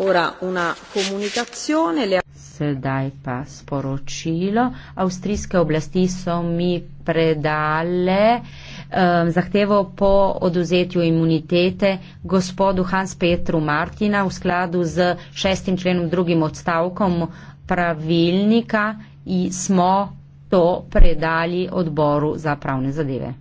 Ora una comunicazione. Le... Sedaj pa sporočilo. Avstrijske oblasti so mi predale um, zahtevo po oduzetju imunitete gospodu Hans Petru Martina v skladu z šestim členom drugim odstavkom pravilnika in smo to predali odboru za pravne zadeve.